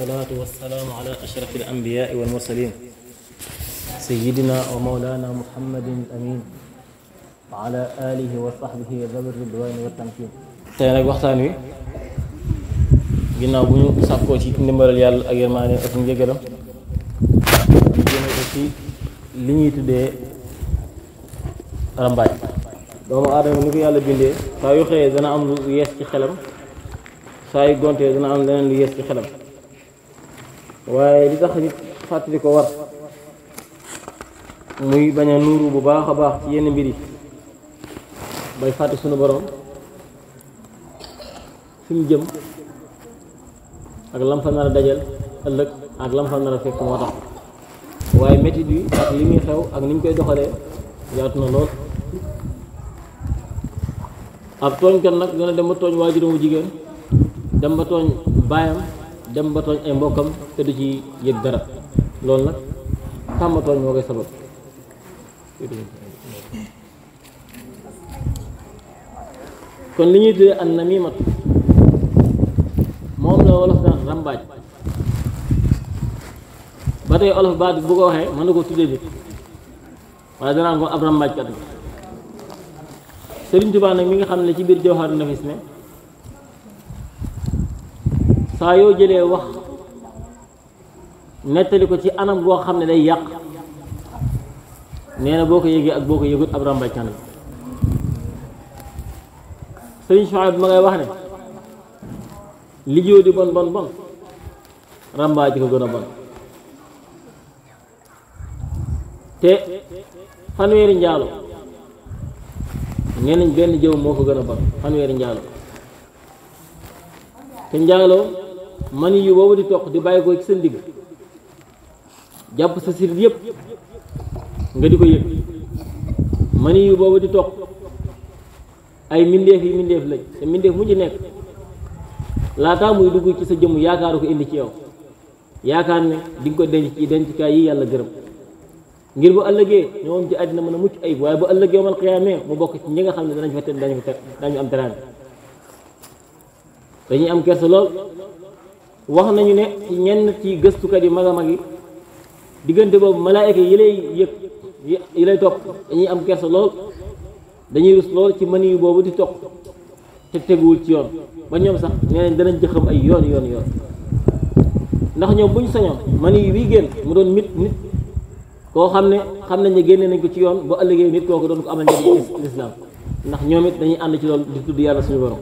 والصلاة والسلام على أشرف الأنبياء والمرسلين سيدنا ومولانا محمد الأمين على آله وصحبه ذو الرضوان والتمكين تينا وقت أنا جينا بنيو سافكو شيء نمبر ليال أجر ما أنا أسمع كلام جينا كذي لني تدي رمباي دوما آدم نقول يالله بيندي سايو خير زنا أم يس كخلم ساي غونتي زنا أم لين يس كخلم waaye li tax nit fàttali ko war muy bañ a nuuru bu baax a baax ci yenn mbir yi bay fàtte sunu borom fi mu jëm ak lam fa nar dajal ëllëg ak lam fa nar fekk moo tax waaye métit bi ak li muy xew ak ni ñu koy doxalee yaatu na lool ab tooñkat nag dana dem ba tooñ waajuramu jigéen dem ba tooñ baayam dem ba tooñ ay mbokkam te du ci yëg dara loolu nag tàmm tooñ moo koy sabab kon li ñuy tuddee an namimat moom la wolof daan ràmbaaj ba tey olof baat bu ko waxee mën na ko tuddee nit waaye danaan ko ab ràmbaajkat la Sëriñ Tuubaa nag mi nga xam ne ci biir Jawharu Nafis ne saa yoo jëlee wax nettali ko ci anam boo xam ne day yàq nee na boo ko yëgee ak boo ko yëgut ab ràmbaccan la sëriñ Suhayb ma ngay wax ne lijjoo di bon bon bon ràmbaaj ko gën a bon te fanweeri njaalo nee nañ benn jëw moo ko gën a bon fanweeri njaalo te njaalo mani yu boobu di toq di bàyyi ko ci sa jàpp sa sirit yëpp nga di ko yëg man yu boobu di toq ay mindeef yi mindeef lañ te mindeef mu ci nekk laataa muy dugg ci sa jëmm yaakaaru ko indi ci yow yaakaar ne di ko denc ci dencukaay yi yàlla gërëm ngir bu ëllëgee ñoom ci àddina man a mucc ay waaye ba ëllëgee yomal xiyaamee mu bokk ci ñi nga xam ne danañ fa te dañu dañu am teraan dañuy am kersa lool wax nañu ne ñenn ci gëstukat kat yi a mag yi diggante boobu malaayka yi lay yek yi lay top dañuy am kess lool dañuy rus lool ci mën yu di top te teggul ci yoon ba ñom sax ñeneen dañu danañ jëxam ay yoon yoon yoon ndax ñom buñu sañoon mën yu bii génn mu doon nit nit ko xamne xamna ñu nañ nañ ko ci yoon bu ëllëgé nit koku doon ko amal njëriñ lislaam ndax ñoom it dañuy and ci lool di tuddu yalla suñu borom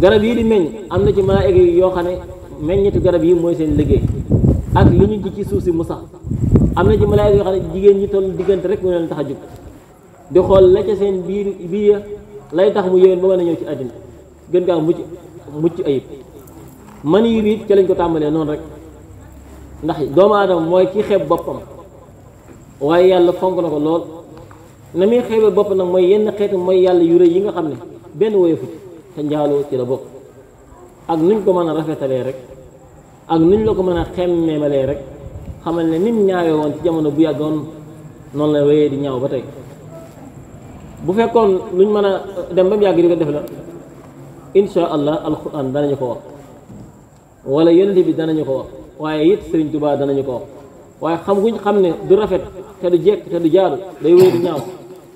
garab yi di meñ amna ci malaika yi yoo ñetti garab yi mooy seen liggéey ak li ñu ji ci suuf si mu sax am na ji malaayka yoo xam ne jigéen ñi toll diggante rek mu leen tax a jóg di xool la ca seen biir biir lay tax mu yéwén ba mën a ñëw ci àddina gën kaa mucc mucc ayib man yi biit ca lañ ko tàmbalee noonu rek ndax doomu aadama mooy ki xeeb boppam waaye yàlla fonk na ko lool na muy xeebee bopp nag mooy yenn xeetu mooy yàlla yure yi nga xam ne benn woyofu ci te njaaloo ci la bokk ak nuñ ko mën a rafetalee rek ak nuñ la ko mën a xemmeemalee rek xamal ne nim ñaawe woon ci jamono bu yàggoon noonu la wéyee di ñaaw ba tey bu fekkoon lu luñ mën a dem ba mu yàgg di ko def la insha allah alquran danañu ko wax wala yonent bi danañu ko wax waaye it Sëriñ Tuubaa danañu ko wax waaye xam guñ xam ne du rafet te du jekk te du jaaru day wéy di ñaaw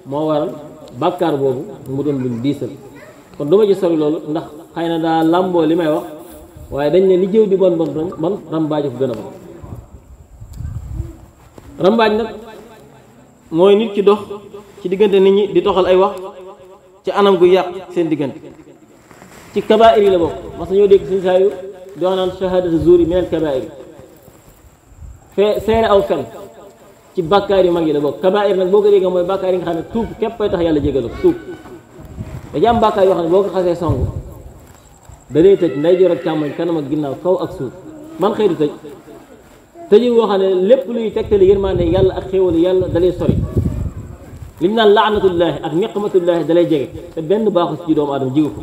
moo waral bàkkaar boobu mu doon luñ diisal kon duma ci sori loolu ndax xay na daa làmboo li may wax waaye dañ ne li jëw di bon bon bon rambaaj ko gën a bon rambaaj nag mooy nit ki dox ci diggante nit ñi di toxal ay wax ci anam gu yàq seen diggante ci kabaa'ir yi la bokk mas ñoo dégg suñ saa yu di wax naan shahadatu zuur yi minal kabaa'ir yi fee seere aw fen ci bàkkaar yu mag yi la bokk kabaa'ir nag boo ko déggee mooy bàkkaar yi nga xam ne tuub képp koy tax yàlla jégal ko tuub da ci am bàkkaar yoo xam ne boo ko xasee song da lay tëj ndeyjoor ak càmmoñ kanam ak ginnaaw kaw ak suuf man xëy du tëj tëjul woo xam ne lépp luy tegtale yërmande yàlla ak xéewalu yàlla da lay sori li ñu naan laanatullaahi ak niqmatullaahi da lay jege te benn baaxu ci doomu aadama jigu ko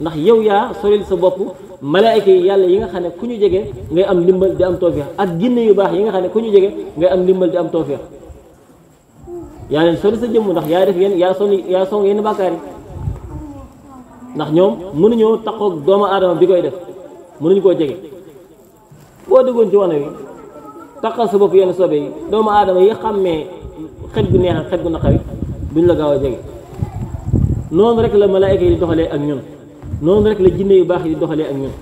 ndax yow yaa soril sa bopp malaayka yi yàlla yi nga xam ne ku ñu jege ngay am ndimbal di am tawfeex ak ginne yu baax yi nga xam ne ku ñu jege ngay am ndimbal di am tawfeex yaa leen sori sa jëmm ndax yaa def yenn yaa sori yaa song yenn bàkkaar yi ndax ñoom mënuñoo taxaw ak doomu aadama bi koy def mënuñu koo jege boo déggoon ci wane wi taxal sa bopp yenn sobe yi doomu aadama yi xàmmee xet gu neex ak xet gu naqari duñ la gaaw a jege noonu rek la malaayka yi di doxalee ak ñun noonu rek la jinne yu baax yi di ak ñun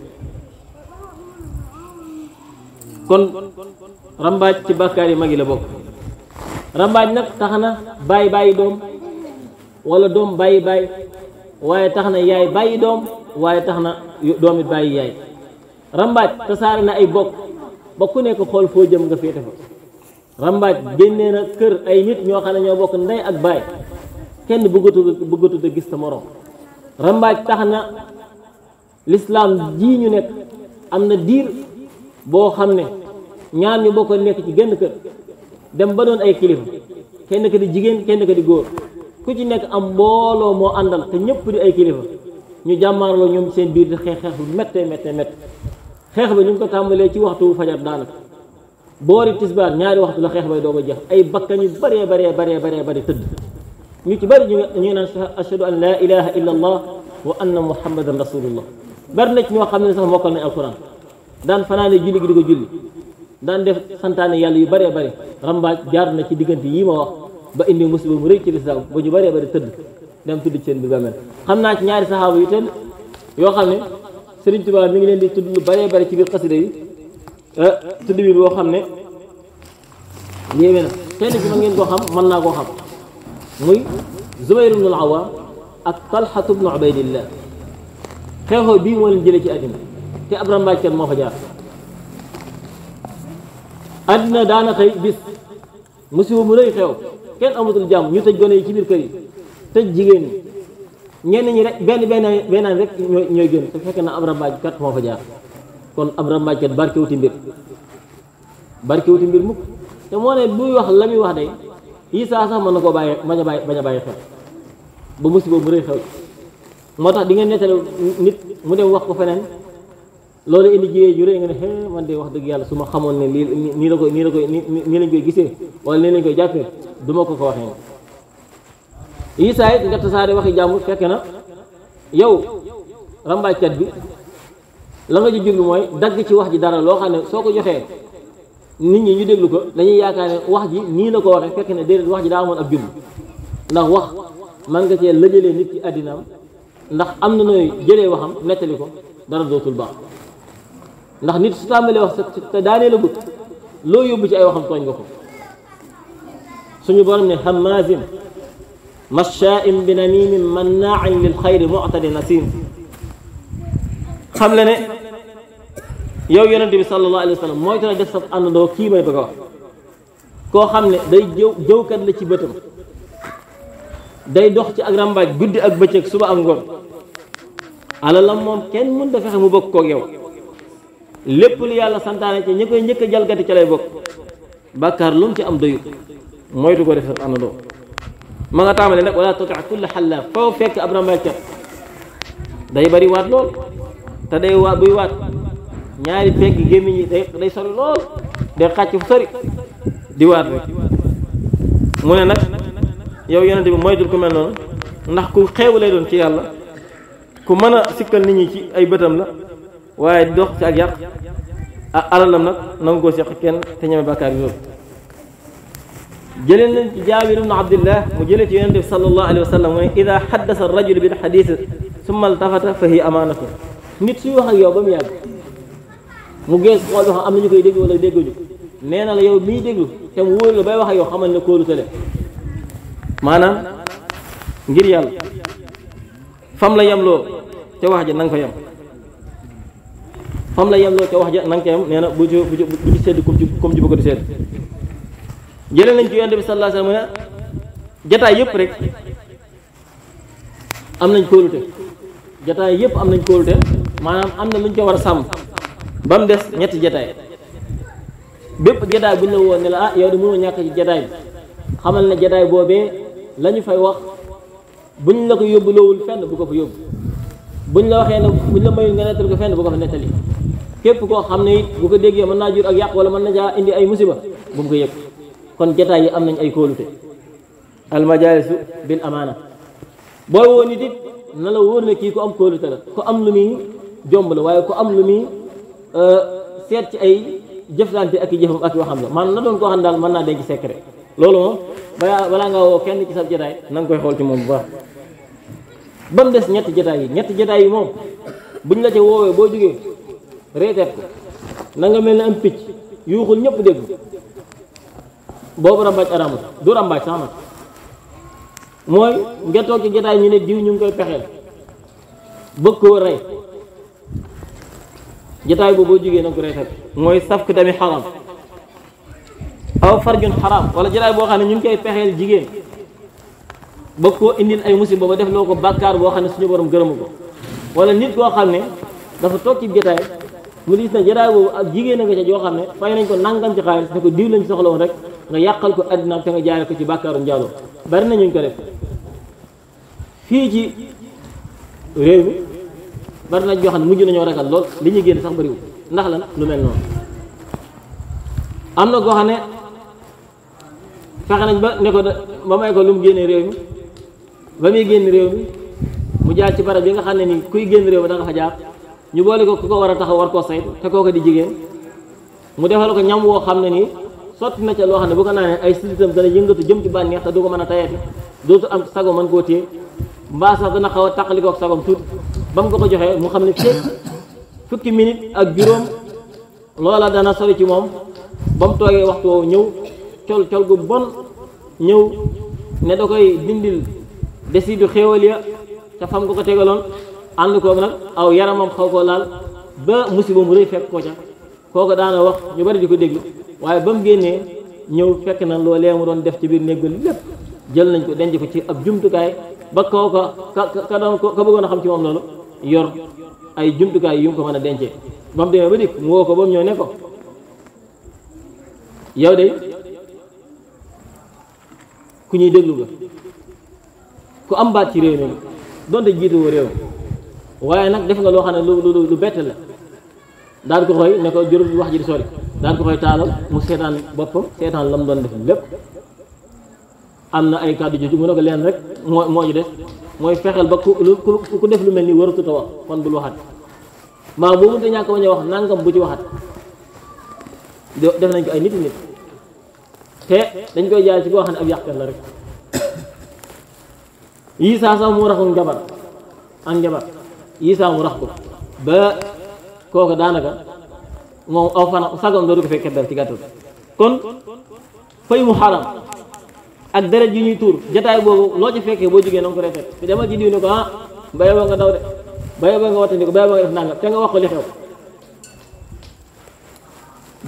kon rambaaj ci bàkkaar yi mag yi la bokk rambaaj nag tax na bàyyi bàyyi doom wala doom bàyyi bàyyi waaye tax na yaay bàyyi doom waaye tax na doom it bàyyi yaay rambaaj tasaare na ay bokk ba ku nekk xool foo jëm nga féete fa rambaaj génnee na kër ay nit ñoo xam ne ñoo bokk ndey ak baay kenn bëggatu bëggatu gis sa moroom rambaaj tax na lislaam jii ñu nekk am na diir boo xam ne ñaar ñu bokk nekk ci genn kër dem ba doon ay kilifa kenn ka di jigéen kenn ka di góor ku ci nekk am mbooloo moo àndal te ñëpp di ay kilifa ñu jàmmaarloo ñoom seen biir di xeex xeex bu méttee méttee xeex ba ñu ngi ko tàmbalee ci waxtu fajar daanaka boori tisbaar ñaari waxtu la xeex bay doo a jeex ay bakkan yu bëree bëree bëree bëree tëdd ñu ci bëri ñu ñu naan ashhadu a laa ilaha illa allah wa anna muhammadan rasulullah bari na ci ñoo xam ne sax mokkal nañ alquran daan fanaane julli gi di ko julli daan def santaane yàlla yu bëree bëri rambaaj jaar na ci diggante yi ma ba indi musiba mu rëy ci lislaam ba ñu bëree bëri tëdd dem tudd ci seen biir bàmmeel xam naa ci ñaari saxaaba yu ten yoo xam ne Sëriñ Tuubaa mi ngi leen di tudd lu bëree bëri ci biir xasida yi eh, tudd bi boo xam ne yéeme na kenn ci ma ngeen koo xam mën naa koo xam muy Zubayr ibn al-Awwam ak Talhat ibn Ubaydillah xew-xew bii moo leen jëlee ci àddina te ab rambaajkat moo fa jaar àddina daana xëy bis musiba mu rëy xew kenn amatul jàmm ñu tëj gone yi ci biir kër yi tëj jigéen ñi ñenn ñi rek benn benn benn rek ñooy ñooy gën te fekk na ab rambaajkat moo fa jaar kon ab barke wuti mbir barkewuti mbir mukk te moo ne buy wax la muy wax day yi saa sax mën na koo bàyyi bañ a bàyyi bañ a bàyyi xel ba musiba mu rëy xew moo tax di ngeen nettale nit mu dem wax ko feneen loolu indi jiyee ju rëy nga ne xee man de wax dëgg yàlla su ma xamoon ne lii nii koy nii la koy nii du ma ko ko waxee ne yi saa it nga tasaare waxi jàmbur fekk na yow rambaajkat bi la nga ci jublu mooy dagg ci wax ji dara loo xam ne soo ko joxee nit ñi ñu déglu ko dañuy yaakaar ne wax ji nii la ko waxee fekk na déedéet wax ji daa amoon ab jublu ndax wax man nga cee lëjalee nit ci àddinaam ndax am na nooy jëlee waxam nettali ko dara dootul baax ndax nit su tàmbalee wax te daanee la gut loo yóbbu ci ay waxam tooñ nga ko سني بورم حماز مشاء بنميم مناع للخير معتد نسيم خملنا يو يونتي صلى الله عليه وسلم موي تنا ديف سب اندو كي ماي بغا كو خملي داي جو جو كات لا سي بتم داي دوخ سي اك رامباج غودي اك بتيك صبح اك غور على لام موم كين مون دا فخ مو بوك كو يو لپ لو يالا سانتاني سي نيكاي نيك جالغاتي سي لاي بوك بكار لوم سي ام ديو moytu ko def sa àndandoo ma nga tàmbale nag wala tuti kulla xallaaf foo fekk ab rambaajkat day bari waat lool te day waat buy waat ñaari pegg gémmiñ day day sori lool day xàcc fu sori di waat rek mu ne nag yow yonente bi moytul ku mel noonu ndax ku xeewu lay doon ci yàlla ku mën a sikkal nit ñi ci ay bëtam la waaye di dox ci ak yàq ak alalam nag nangu ko seq kenn te ñeme bàkkaar bi loolu جلن جابر بن عبد الله مجلت ينتف صلى الله عليه وسلم إذا حدث الرجل بالحديث ثم التفت فهي أمانته نيت سي واخ يوب مي يغ مو غيس خول واخ امنا نكاي ديغ ولا ديغو جو نينا لا يوب مي ديغو تم اللي باي واخ يو خامل نكو رتل مانا غير يال فام لا يملو تي واخ جي نان فا يم فام لا يملو تي واخ جي نان كيم نينا بوجو بوجو بوجو سيد كوم جي كوم جي بوكو سيد jëlee nañ ci yonent bi sallallahu alayhi wasallam jataay yëpp rek am nañ kóolute jataay yëpp am nañ kóolute maanaam am na lu ñu ko war a sàmm ba mu des ñetti jataay bépp jataay bu ñu la woon ne la ah yow de mënoo ñàkk ci jataay bi xamal ne jataay boobee la ñu fay wax buñ la ko yóbbu loowul fend bu ko fa yóbbu ñu la waxee ne buñ la mayul nga nettali ko fenn bu ko fa nettali képp koo xam ne it bu ko déggee mën naa jur ak yàq wala mën na jaa indi ay musiba bu mu kon jataay yi am nañ ay kóolute almajaalisu bil amaana booy woo nit it na la wóor ne kii ku am kóolute la ku am lu muy jomb la waaye ko am lu muy euh, seet ci ay jëflante ak i jëfam ak yoo xam la maanaam na doon koo xam daal mën naa denc secret loolu moom balaa balaa ngaa woo kenn ci sa jataay na nga koy xool ci moom bu baax ba mu des ñetti jataay yi ñetti jataay yi moom buñ la ca woowee boo jógee reeteet ko na nga mel ne am picc yuuxul ñëpp dégg boobu rambaaj araamul du rambaaj sax nag mooy nga toog ci ñu ne diw ñu ngi koy pexeel bëgg koo rey jotaay boobu boo jógee nag ko rey xel mooy saf ki tamit xaram aw farjun xaram wala jotaay boo xam ne ñu ngi koy pexeel jigéen bëgg koo indil ay musiba ba def loo ko bàkkaar boo xam ne suñu borom gërëmu ko wala nit koo xam ne dafa toog ci jotaay mu gis ne jotaay boobu ak jigéen a nga ca joo xam ne fay nañ ko nangam ci xaalis ne ko diw lañ soxla woon rek nga yàqal ko àddinaam te nga jaare ko ci bàkkaaru njaaloo bari nañu ñu ko def fii ci réew mi bari na joo xam ne mujj nañoo ragal lool li ñuy génn sax bariwul ndax lan lu mel noonu am na koo xam ne fexe nañ ba ne ko ba may ko lu mu génnee réew mi ba muy génn réew mi mu jaar ci barab bi nga xam ne nii kuy génn réew mi da fa jaar ñu boole ko ku ko war a taxaw war koo saytu te kooku di jigéen mu defal ko ñam woo xam ne nii sotti na ca loo xam ne bu ko naanee ay silitam dana yëngatu jëm ci bànneex te du ko mën a tayati dootu am sago mën koo téye mbaa sax dana xaw a tàqalikoo ak sagom tuuti ba mu ko ko joxee mu xam ne fekk fukki minute ak juróom loola dana sori ci moom ba mu toogee waxtu woowu ñëw col col bu bon ñëw ne da koy dindil desidu xéewal ya te fam ko ko tegaloon ànd koog nag aw yaramam xaw koo laal ba musiba mu rëy fekk ko ca kooku daana wax ñu bari di ko déglu waaye ba mu génnee ñëw fekk na loolee mu doon def ci biir néegu lépp jël nañ ko denc ko ci ab jumtukaay ba kaw ka ka doon ka bëggoon a xam ci moom loolu yor ay jumtukaay yu mu ko mën a dencee ba mu demee ba dikk mu woo ko ba mu ñëw ne ko yow de ku ñuy déglu nga ku am baat ci réew mi donte jiituwoo réew waaye nag def nga loo xam ne lu lu lu bett la daal ko xooy ne ko jërul wax ji di sori dal ko koy taalal mu setan bopam setan lam doon def lepp amna ay kaddu ju mu ne len rek moy moo def moy fexel ba ku ku def lu melni waratu taw kon bu lu waxat ma bu te ñàkk bañ a wax nangam bu ci waxat def nañ ko ay nit nit te dañ koy jaay ci go xam ab yàqkat la rek yii sa mu raxu njabar an njabar yii mu rax ba koko danaka moom aw fan sagam dootu ko fekkee dara ci gàttal kon fay mu xaram ak deret yu ñuy tuur jataay boobu loo ci fekkee boo jógee na nga ko refet te demal ci diw ne ko ah mbéy boo nga daw de mbéy boo nga wattandi ko mbéy nga def nangam te nga wax ko li xew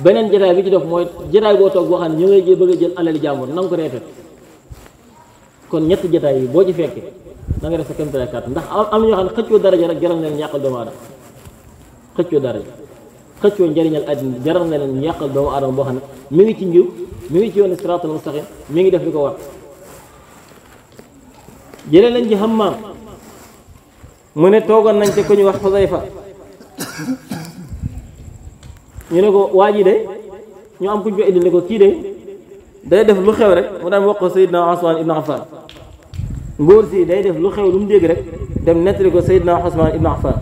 beneen jataay bi ci def mooy jataay boo toog boo xam ne ñu ngay jël bëgg a jël alali jàmbur na ko refet kon ñett jataay yi boo ci fekkee na nga def sa kéemtalaay kàtt ndax am na ñoo xam ne xëccoo daraja rek jaral na leen ñàkkal doomu aadama xëccoo daraja xëccoo njëriñal àddina jaral na leen yàqal doomu aadama boo xam ne mi ngi ci njiw mi ngi ci yoon siraatul mustaqim mi ngi def li ko war jëlee nañ ci xammaam mu ne toogoon nañ te ko ñu wax Xuzayfa ñu ne ko waa ji de ñu am ku ñu ko indil ne ko kii de day def lu xew rek mu daan wax ko Seydina Usmaan ibn Affan ngóor si day def lu xew lu mu dégg rek dem nettali ko Seydina Usmaan ibn Affan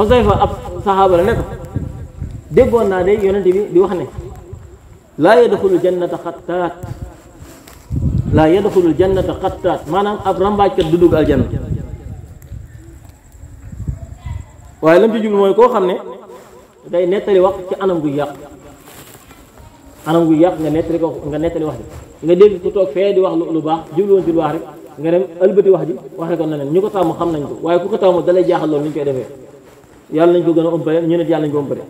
Xosayfa ab sahaba la nek ko na naa de yonent bi di wax ne la yadkhulu jannata khattat la yadkhulu jannata khattat manam ab rambaajkat du al janna waaye lam ci jublu moy ko xamne day netali wax ci anam gu yaq anam gu yaq nga netali ko nga netali wax nga deg ko tok fe di wax lu lu baax won ci lu baax rek nga dem albeuti wax ji wax rek na nen ñu ko xam nañ ko waaye ku ko tàmm dalay jaxal loolu ni ñu koy defee yàlla nañ ko gën a umpale ñu nit yàlla nañ ko umpale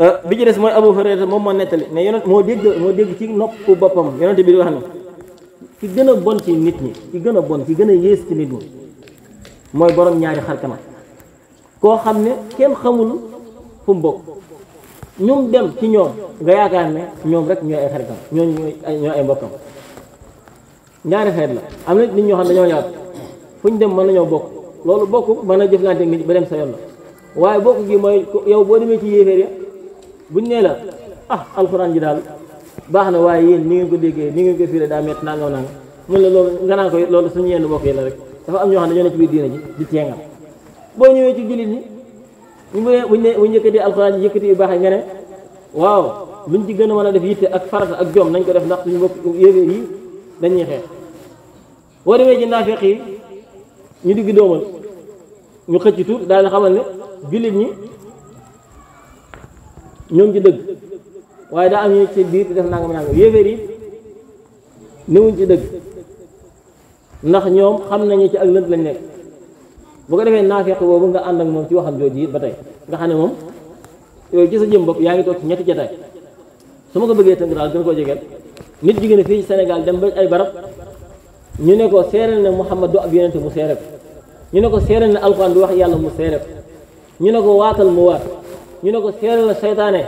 euh, bi ci des mooy Abu Hurayra moom moo nettali ne yonent moo dégg moo dégg ci nopp boppam yonent bi di wax ne ki gën a bon ci nit ñi ki gën a bon ki gën a yées ci nit ñi mooy borom ñaari xar kanam koo xam ne kenn xamul fu dem ci ñoom yaakaar ne ñoom rek ñooy ay xaritam ñoo ñooy ay la am na nit ñoo xam ne dañoo yaatu fu ñu dem mën nañoo bokk loolu bokk mën a jëflante nit ba dem sa yoon la waaye bokk gi mooy yow boo demee ci yéeféer bu buñ nee la ah alxuraan ji daal baax na waaye yéen ni ngeen ko déggee ni ngeen ko fiire daa mett nangam nangam mun la loolu nga naan ko loolu suñu yenn bokk yi la rek dafa am ñoo xam ne ñoo ne ci biir diina ji di teengal boo ñëwee ci jullit ñi ñu ne buñ ne buñ yëkkatee alxuraan ji yëkkati yu baax yi nga ne waaw luñ ci gën a mën a def yitte ak farata ak jom nañ ko def ndax suñu bokk yéeféer yi dañuy xeex boo ñu digg doomal ñu xëcc tuut daal xamal ne jullit ñi ñoo ngi ci dëgg waaye daa am ñu ci biir di def naa nangam yéeféer yi newuñ ci dëgg ndax ñoom xam nañu ci ak lënt lañ nekk bu ko defee naafeq boobu nga ànd ak moom ci waxam jooju it ba tey nga xam ne moom yooyu ci sa jëm bopp yaa ngi toog ci ñetti jataay su ma ko bëggee tënk daal gën koo jegeel nit jigéen fii ci dem ba ay barab ñu ne ko seeral ne Muhammad du ab yonente mu seere ko ñu ne ko seeral ne alquran du wax yàlla mu seere ko ñu ne ko waatal mu waat ñu ne ko seeral ne seytaane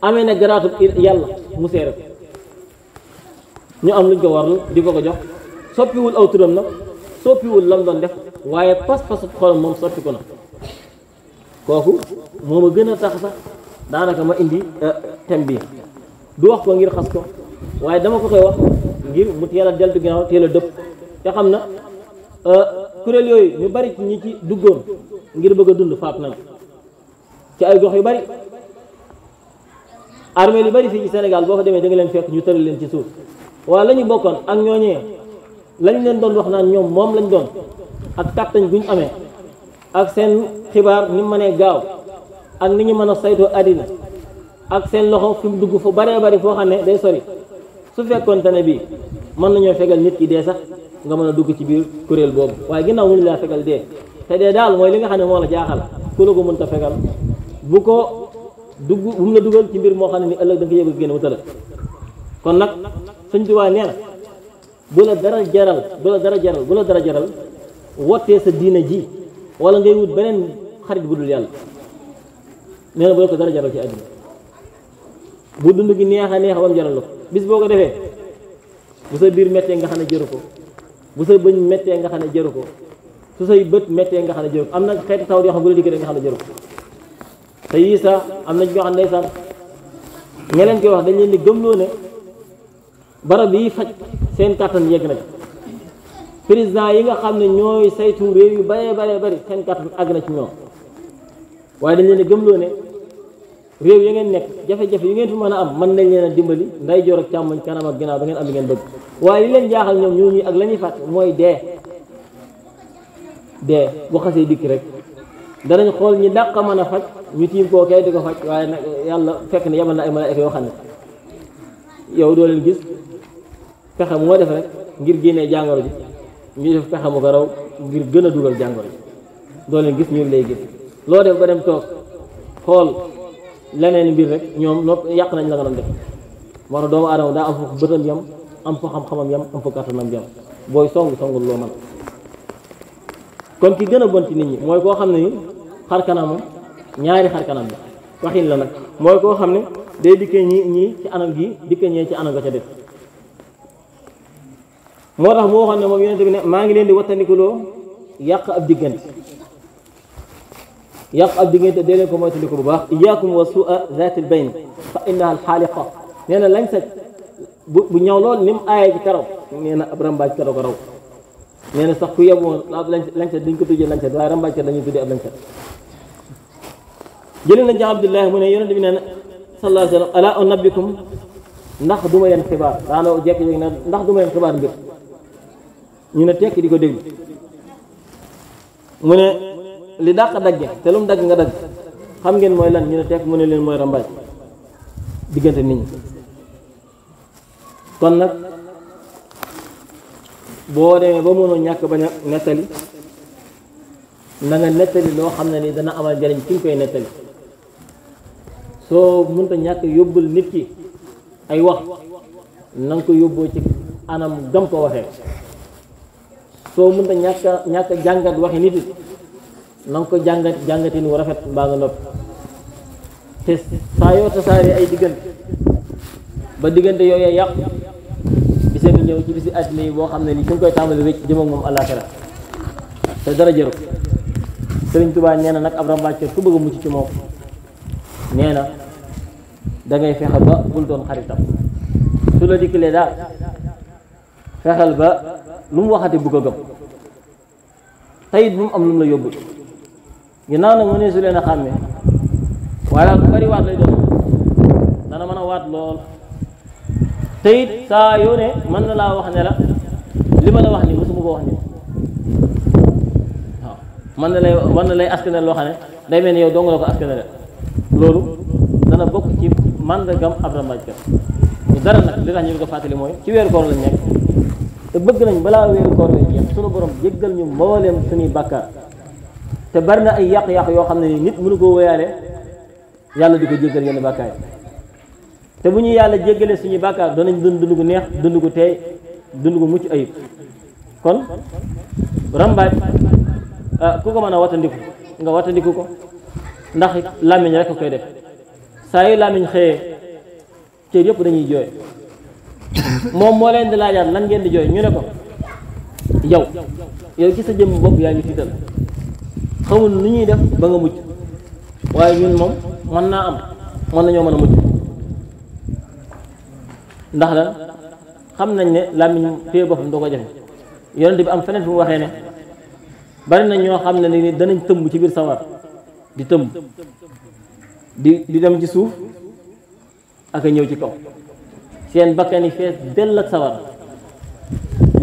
amee na garaatu yàlla mu seere ko ñu am luñ ko warlu di ko ko jox soppiwul aw turam nag soppiwul lam doon def waaye pas-pasu xolam moom soppi ko na kooku moo ma gën a tax sax daanaka ma indi thème bi du wax ko ngir xas ko waaye dama ko koy wax ngir mu teel a deltu ginnaaw teel a dëpp te xam na euh, kuréel yooyu ñu bari ñi ci duggoon ngir bëgg a dund faat nañ ci ay gox yu bari armée yu bari fii ci Sénégal boo ko demee da leen fekk ñu tëral leen ci suuf waaye la ñu bokkoon ak ñooñee lañ leen doon wax naan ñoom moom lañ doon ak kàttañ guñ amee ak seen xibaar ni mu mënee gaaw ak ni ñu mën a saytoo àddina ak seen loxo fi mu dugg fu baree foo xam ne day sori su fekkoonte ne bi mën nañoo fegal nit ki dee sax nga mën a dugg ci biir kuréel boobu waaye ginnaaw mënuñu laa fegal dee te dee daal mooy li nga xam ne moo la jaaxal ku la ko mën ta fegal bu ko dugg bu mu la dugal ci mbir moo xam ne ni ëllëg da nga yëg a génn mu tëlëg kon nag sëñ Tuubaa nee na bu la dara jaral bu la dara jaral bu dara jaral wottee sa diina ji wala ngay wut beneen xarit bu dul yàlla nee na bu la ko dara jaral ci àddina bu dund gi neex a neex ba mu jaral la ko bis boo ko defee bu sa biir mettee nga xam ne jaru ko bu sa bëñ méttee nga xam ne jaru ko su say bët mettee nga xam ne jëru ko am na xeeti tawat yoo xam ne bu la dikkee rek nga xam am na ñoo xam ne ndeysaan koy wax dañ leen di gëmloo ne barab yi faj seen kàttan yegg na ci yi nga xam ne ñooy saytu réew yu baree baree bari seen kàttan àgg na ci ñoom waaye dañ leen di gëmloo ne réew ya ngeen nekk jafe-jafe yu ngeen fi mën a am mën nañ leen a dimbali nday joor ak càmmoñ kanam ak ginnaaw ba ngeen am li ngeen bëgg waaye li leen jaaxal ñoom ñooñu ak la ñuy fàtt mooy dee dee bu xasee dikk rek danañ xool ñi dàq mën a faj ñu tiim koo kay ko faj waaye nag yàlla fekk ne yabal na ay malaaka yoo xam ne yow doo leen gis pexe moo def rek ngir génnee jàngoro ji ñu def pexe mu ko raw ngir gën a dugal jàngoro ji doo leen gis ñu lay g leneen mbir rek ñoom nopp yàq nañ la nga doon def moo tax daa am fa am fa xam-xamam yam am booy song songul loo man ki gën a bon ci ñi mooy koo xam ne ni ñaari xar kanam la la nag mooy koo xam ne day dikkee ñi ñii ci anam gi ci anam ga ca def moo tax boo xam ne moom yonent bi ne maa ngi leen di wattandikuloo yàq ab diggante يقعد دي جنت دي لكم ويتلك بباق إياكم وسوء ذات البين فإنها الحالقة نينا لنسة بنيو لول نم آية كرو نينا أبرام باج كرو كرو نينا سخوية بو لنسة دي كتو جي لنسة دي رمباج كرو نيو تدي أب لنسة جلنا جا عبد الله من يوند بنا صلى الله عليه وسلم ألا أنا أجيك نخدم ين خبار نينا تيك دي كو li dàq dagge te lu mu dagg nga dagg xam ngeen mooy lan ñu ne tekk mu ne leen mooy rambaaj diggante nit ñi kon nag boo demee ba mënoo ñàkk ba a nettali na nga nettali loo xam ne ni dana amal jariñ ki nga koy nettali soo mënta ñàkk yóbbul nit ki ay wax na nga ko yóbboo ci anam gam ko waxee soo mënta ñàkk ñàkk jàngat waxi nit it na nga ko jàngat jàngatin wu rafet mbaa nga noppi te saa yoo tasaare ay diggante ba diggante yooyu yàq bise ngi ñëw ci bisi àddina yi boo xam ne ni fi nga koy tàmbali wécc jëm ak moom àllaaxira te dara jëru Sëriñ Tuubaa nee na nag ab ràmbaaj ku bëgg a mucc ci moom nee na da ngay fexe ba bul doon xaritam su la dikkalee daal fexeel ba lu mu waxati bu ko gëm tayit bu mu am lu mu la yóbbu ginnaaw nag mënee su leen a xàmmee waaye daal waat lay doon dana mën a waat lool te it saa yoo ne mën na laa wax ne li ma a wax nii mosuma ko wax nii waaw mën na lay mën na lay askanel loo xam ne day mel ni loolu dana bokk ci màndargam ab rambaajkat ñu dara nag li tax ñu ko fàttali mooy ci weeru koor lañ nekk te bëgg nañ balaa weeru koor lañ jeex sunu borom jéggal ñu mbooleem suñuy bàkkaar te bari na ay yàq-yàq yoo xam ne ni nit mënu koo wéyaale yàlla di ko jéggal yenn bàkkaar yi te bu ñu yàlla jéggalee suñu bàkkaar danañ dund dund gu neex dund gu teey dund gu mucc ayib kon rambaaj ah, ku ko mën a wattandiku nga wattandiku ko ndax làmmiñ rek koy def saa yu làmmiñ xëyee cër yëpp dañuy jooy moom moo leen di laajaat lan ngeen di jooy ñu ne ko yow yow ci sa jëm bopp yaa ngi tiital xamul nu ñuy def ba nga mucc waaye ñun moom mën naa am mën nañoo mën a mucc ndax la xam nañ ne làmmiñ fee boppam da ko jafe yonent bi am feneen fu mu waxee ne bari na ñoo xam ne ni danañ tëmb ci biir sawar di tëmb di di dem ci suuf ak a ñëw ci kaw seen bakkani yi fees dell ak sawar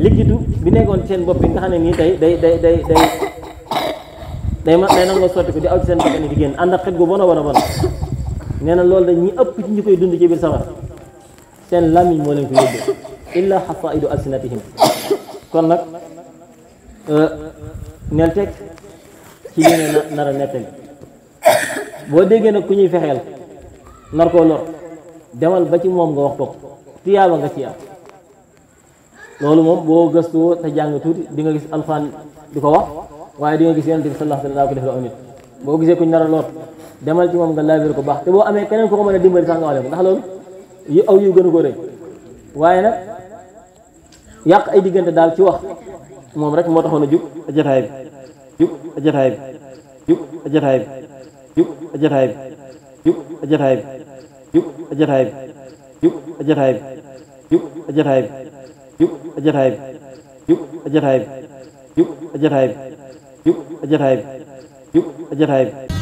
liggitu bi nekkoon seen bopp bi nga xam ne nii day day day day day ma day nga soti ko di aw ci seen bakkan di génn ak xet go bona bona bona neena lol da ñi upp ci ñi dund ci bir sama sen lami mo leen ko yobbe illa xasaidu alsinatihim kon euh neel tek ci yéene nar a nettali boo déggee nag ku ñuy fexel nar ko nor demal ba ci mom nga wax ko tiyaba nga ci am loolu moom boo gëstoo te jàng di nga gis alfan diko wax waaye di nga gis yonent bi sallallahu alayhi wa sallam ko def la boo gisee kuñ a loot demal ci moom nga laabir ko baax te boo amee keneen ku ko mën a dimbali sax nga wale ko ndax loolu yu aw yu gën ko rëy waaye nag yàq ay diggante daal ci wax moom rek moo taxoon a jub jataay jataay bi jub jataay jataay bi jub jataay jataay bi jub jataay jataay bi jub jataay jataay bi giúp anh thầy giúp anh thầy